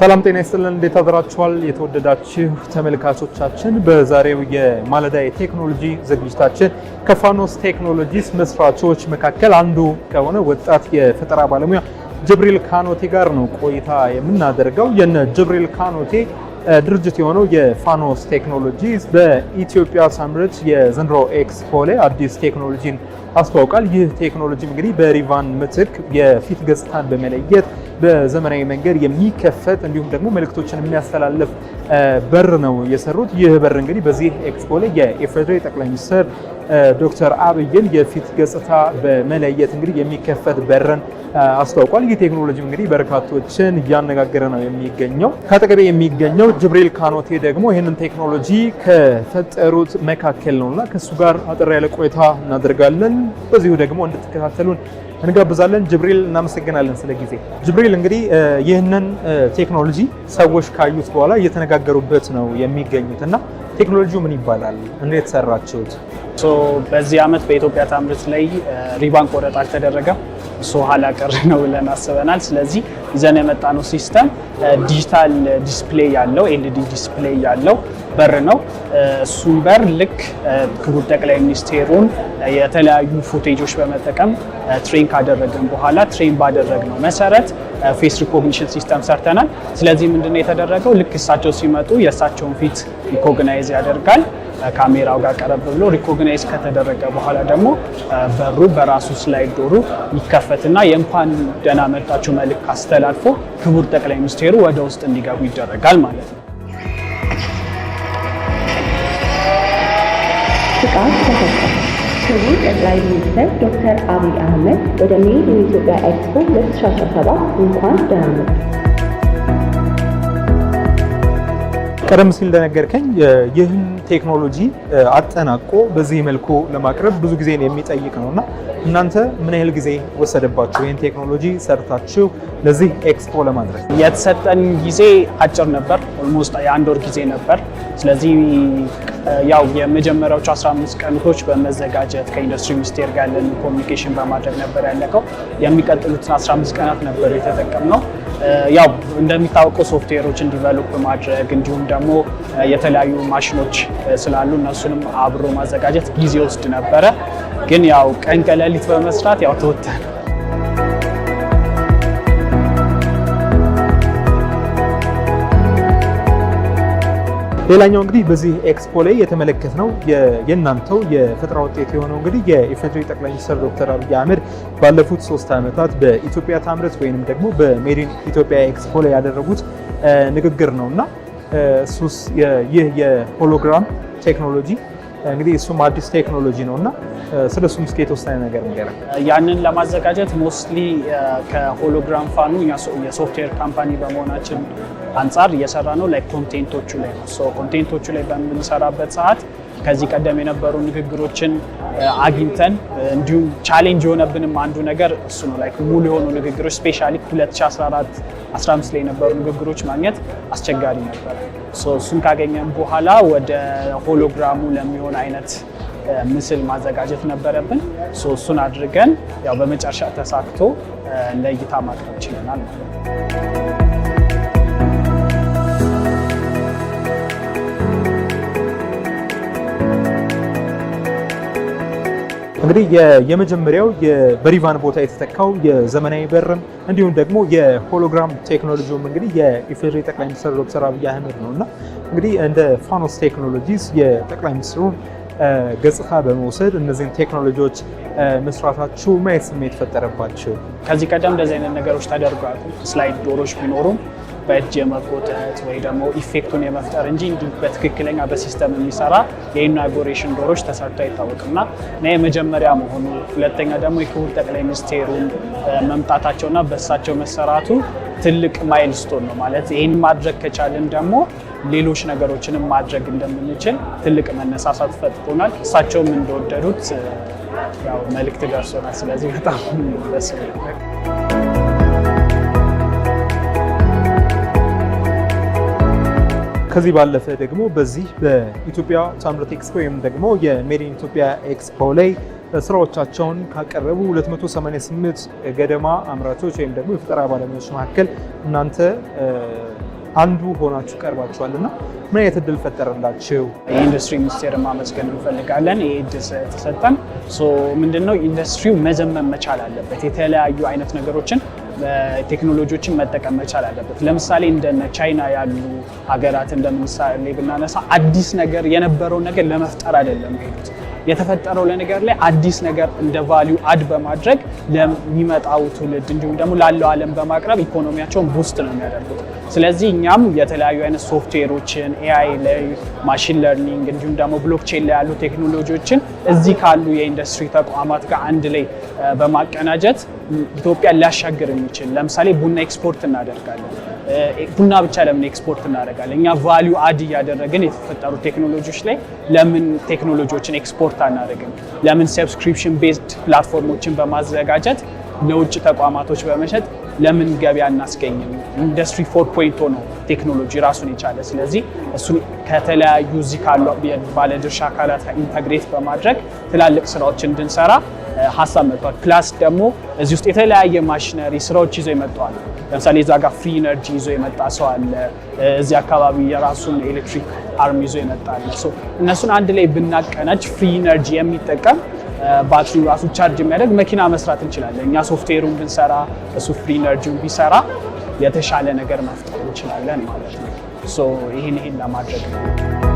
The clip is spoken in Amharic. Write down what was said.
ሰላም ጤና ይስጥልን። እንዴት አድራችኋል? የተወደዳችሁ ተመልካቾቻችን፣ በዛሬው የማለዳ የቴክኖሎጂ ዝግጅታችን ከፋኖስ ቴክኖሎጂስ መስራቾች መካከል አንዱ ከሆነ ወጣት የፈጠራ ባለሙያ ጅብሪል ካኖቴ ጋር ነው ቆይታ የምናደርገው። የነ ጅብሪል ካኖቴ ድርጅት የሆነው የፋኖስ ቴክኖሎጂስ በኢትዮጵያ ሳምርት የዘንድሮ ኤክስፖ ላይ አዲስ ቴክኖሎጂን አስተዋውቃል። ይህ ቴክኖሎጂም እንግዲህ በሪቫን ምትክ የፊት ገጽታን በመለየት በዘመናዊ መንገድ የሚከፈት እንዲሁም ደግሞ መልእክቶችን የሚያስተላልፍ በር ነው የሰሩት። ይህ በር እንግዲህ በዚህ ኤክስፖ ላይ የኢፌዴሪ ጠቅላይ ሚኒስትር ዶክተር አብይን የፊት ገጽታ በመለየት እንግዲህ የሚከፈት በርን አስታውቋል። ይህ ቴክኖሎጂ እንግዲህ በርካቶችን እያነጋገረ ነው የሚገኘው። ከአጠገቤ የሚገኘው ጅብሪል ካኖቴ ደግሞ ይህንን ቴክኖሎጂ ከፈጠሩት መካከል ነውና ከእሱ ጋር አጠር ያለ ቆይታ እናደርጋለን። በዚሁ ደግሞ እንድትከታተሉን እንጋብዛለን። ጅብሪል እናመሰግናለን ስለ ጊዜ። ጅብሪል እንግዲህ ይህንን ቴክኖሎጂ ሰዎች ካዩት በኋላ እየተነጋገሩበት ነው የሚገኙት እና ቴክኖሎጂው ምን ይባላል? እንዴት ሰራችሁት? በዚህ ዓመት በኢትዮጵያ ታምርት ላይ uh, ሪባንክ ወረጣ አልተደረገም። ኋላ ቀር ነው ብለን አስበናል። ስለዚህ ይዘን የመጣነው ሲስተም uh, ዲጂታል ዲስፕሌይ ያለው ኤልዲ ዲስፕሌይ ያለው በር ነው። uh, እሱም በር ልክ ክቡር ጠቅላይ ሚኒስቴሩን የተለያዩ ፉቴጆች በመጠቀም ትሬን ካደረግን በኋላ ትሬን ባደረግነው መሰረት ፌስ ሪኮግኒሽን ሲስተም ሰርተናል። ስለዚህ ምንድነው የተደረገው? ልክ እሳቸው ሲመጡ የእሳቸውን ፊት ሪኮግናይዝ ያደርጋል። ካሜራው ጋር ቀረብ ብሎ ሪኮግናይዝ ከተደረገ በኋላ ደግሞ በሩ በራሱ ስላይድ ዶሩ ይከፈትና የእንኳን ደህና መጣችሁ መልእክት አስተላልፎ ክቡር ጠቅላይ ሚኒስትሩ ወደ ውስጥ እንዲገቡ ይደረጋል ማለት ነው። ክቡር ጠቅላይ ሚኒስትር ዶክተር አብይ አህመድ ወደ መሄድ ኢትዮጵያ ኤክስፖ 2017 እንኳን ደህና መጡ። ቀደም ሲል እንደነገርከኝ ይህን ቴክኖሎጂ አጠናቆ በዚህ መልኩ ለማቅረብ ብዙ ጊዜን የሚጠይቅ ነው እና እናንተ ምን ያህል ጊዜ ወሰደባችሁ ይህን ቴክኖሎጂ ሰርታችሁ ለዚህ ኤክስፖ ለማድረግ? የተሰጠን ጊዜ አጭር ነበር፣ ኦልሞስት የአንድ ወር ጊዜ ነበር። ስለዚህ ያው የመጀመሪያዎቹ 15 ቀኖች በመዘጋጀት ከኢንዱስትሪ ሚኒስቴር ጋር ያለን ኮሚኒኬሽን በማድረግ ነበር ያለቀው። የሚቀጥሉትን 15 ቀናት ነበር የተጠቀምነው። ያው እንደሚታወቀው ሶፍትዌሮችን ዲቨሎፕ ማድረግ እንዲሁም ደግሞ የተለያዩ ማሽኖች ስላሉ እነሱንም አብሮ ማዘጋጀት ጊዜ ውስድ ነበረ። ግን ያው ቀን ከሌሊት በመስራት ያው ተወተነ። ሌላኛው እንግዲህ በዚህ ኤክስፖ ላይ ነው የእናንተው የፈጠራ ውጤት የሆነው እንግዲህ የኢፌዴሪ ጠቅላይ ሚኒስትር ዶክተር አብይ አህመድ ባለፉት ሶስት ዓመታት በኢትዮጵያ ታምረት ወይንም ደግሞ በሜዲን ኢትዮጵያ ኤክስፖ ላይ ያደረጉት ንግግር ነው እና እሱስ ይህ የሆሎግራም ቴክኖሎጂ እንግዲህ እሱም አዲስ ቴክኖሎጂ ነው እና ስለ እሱም እስኪ የተወሰነ ነገር ንገረ። ያንን ለማዘጋጀት ሞስትሊ ከሆሎግራም ፋኑ የሶፍትዌር ካምፓኒ በመሆናችን አንጻር እየሰራ ነው። ላይ ኮንቴንቶቹ ላይ ነው። ኮንቴንቶቹ ላይ በምንሰራበት ሰዓት ከዚህ ቀደም የነበሩ ንግግሮችን uh, አግኝተን uh, እንዲሁም ቻሌንጅ የሆነብንም አንዱ ነገር እሱ ነው። ላይክ ሙሉ የሆኑ ንግግሮች ስፔሻሊ 2014 15 ላይ የነበሩ ንግግሮች ማግኘት አስቸጋሪ ነበር። እሱን ካገኘን በኋላ ወደ ሆሎግራሙ ለሚሆን አይነት uh, ምስል ማዘጋጀት ነበረብን። እሱን አድርገን ያው በመጨረሻ ተሳክቶ ለእይታ ማቅረብ ችለናል ማለት ነው። እንግዲህ የመጀመሪያው በሪቫን ቦታ የተተካው የዘመናዊ በርም እንዲሁም ደግሞ የሆሎግራም ቴክኖሎጂውም እንግዲህ የኢፌዴሪ ጠቅላይ ሚኒስትር ዶክተር አብይ አህመድ ነው እና እንግዲህ እንደ ፋኖስ ቴክኖሎጂስ የጠቅላይ ሚኒስትሩን ገጽታ በመውሰድ እነዚህን ቴክኖሎጂዎች መስራታችሁ ማየት ስሜት ፈጠረባቸው ከዚህ ቀደም እንደዚህ አይነት ነገሮች ተደርጓል። ስላይድ ዶሮች ቢኖሩም በእጅ የመቆጠት ወይ ደግሞ ኢፌክቱን የመፍጠር እንጂ እንዲህ በትክክለኛ በሲስተም የሚሰራ የኢናጎሬሽን ዶሮች ተሰርቶ አይታወቅምና እና የመጀመሪያ መሆኑ ሁለተኛ ደግሞ የክቡር ጠቅላይ ሚኒስቴሩን መምጣታቸውና በእሳቸው መሰራቱ ትልቅ ማይልስቶን ነው ማለት ይህን ማድረግ ከቻልን ደግሞ ሌሎች ነገሮችንም ማድረግ እንደምንችል ትልቅ መነሳሳት ፈጥሮናል። እሳቸውም እንደወደዱት መልእክት ደርሶናል። ስለዚህ በጣም ደስ ከዚህ ባለፈ ደግሞ በዚህ በኢትዮጵያ ታምርት ኤክስፖ ወይም ደግሞ የሜሪን ኢትዮጵያ ኤክስፖ ላይ ስራዎቻቸውን ካቀረቡ 288 ገደማ አምራቾች ወይም ደግሞ የፈጠራ ባለሙያዎች መካከል እናንተ አንዱ ሆናችሁ ቀርባችኋል እና ምን አይነት እድል ፈጠረላችሁ? የኢንዱስትሪ ሚኒስቴር ማመስገን እንፈልጋለን። ይህ እድል ተሰጠን። ምንድነው ኢንዱስትሪው መዘመን መቻል አለበት። የተለያዩ አይነት ነገሮችን ቴክኖሎጂዎችን መጠቀም መቻል አለበት። ለምሳሌ እንደነ ቻይና ያሉ ሀገራት እንደምሳሌ ብናነሳ አዲስ ነገር የነበረውን ነገር ለመፍጠር አይደለም ሄዱት የተፈጠረው ለነገር ላይ አዲስ ነገር እንደ ቫሊዩ አድ በማድረግ ለሚመጣው ትውልድ እንዲሁም ደግሞ ላለው ዓለም በማቅረብ ኢኮኖሚያቸውን ቡስት ነው የሚያደርጉት። ስለዚህ እኛም የተለያዩ አይነት ሶፍትዌሮችን ኤአይ ላይ፣ ማሽን ለርኒንግ እንዲሁም ደግሞ ብሎክቼን ላይ ያሉ ቴክኖሎጂዎችን እዚህ ካሉ የኢንዱስትሪ ተቋማት ጋር አንድ ላይ በማቀናጀት ኢትዮጵያ ሊያሻግር የሚችል ለምሳሌ ቡና ኤክስፖርት እናደርጋለን። ቡና ብቻ ለምን ኤክስፖርት እናደርጋለን? እኛ ቫሊዩ አድ እያደረግን የተፈጠሩ ቴክኖሎጂዎች ላይ ለምን ቴክኖሎጂዎችን ኤክስፖርት አናደርግም? ለምን ሰብስክሪፕሽን ቤዝድ ፕላትፎርሞችን በማዘጋጀት ለውጭ ተቋማቶች በመሸጥ ለምን ገበያ እናስገኝም? ኢንዱስትሪ ፎር ፖይንት ነው ቴክኖሎጂ ራሱን የቻለ። ስለዚህ እሱን ከተለያዩ እዚህ ካሉ ባለድርሻ አካላት ኢንተግሬት በማድረግ ትላልቅ ስራዎች እንድንሰራ ሀሳብ መጥቷል። ፕላስ ደግሞ እዚህ ውስጥ የተለያየ ማሽነሪ ስራዎች ይዘው ይመጠዋል። ለምሳሌ እዛ ጋር ፍሪ ኢነርጂ ይዞ የመጣ ሰው አለ። እዚህ አካባቢ የራሱን ኤሌክትሪክ አርም ይዞ የመጣ አለ። እነሱን አንድ ላይ ብናቀናጅ ፍሪ ኢነርጂ የሚጠቀም ባትሪ ራሱ ቻርጅ የሚያደርግ መኪና መስራት እንችላለን። እኛ ሶፍትዌሩን ብንሰራ እሱ ፍሪ ኢነርጂውን ቢሰራ የተሻለ ነገር መፍጠር እንችላለን ማለት ነው። ይህን ይህን ለማድረግ ነው።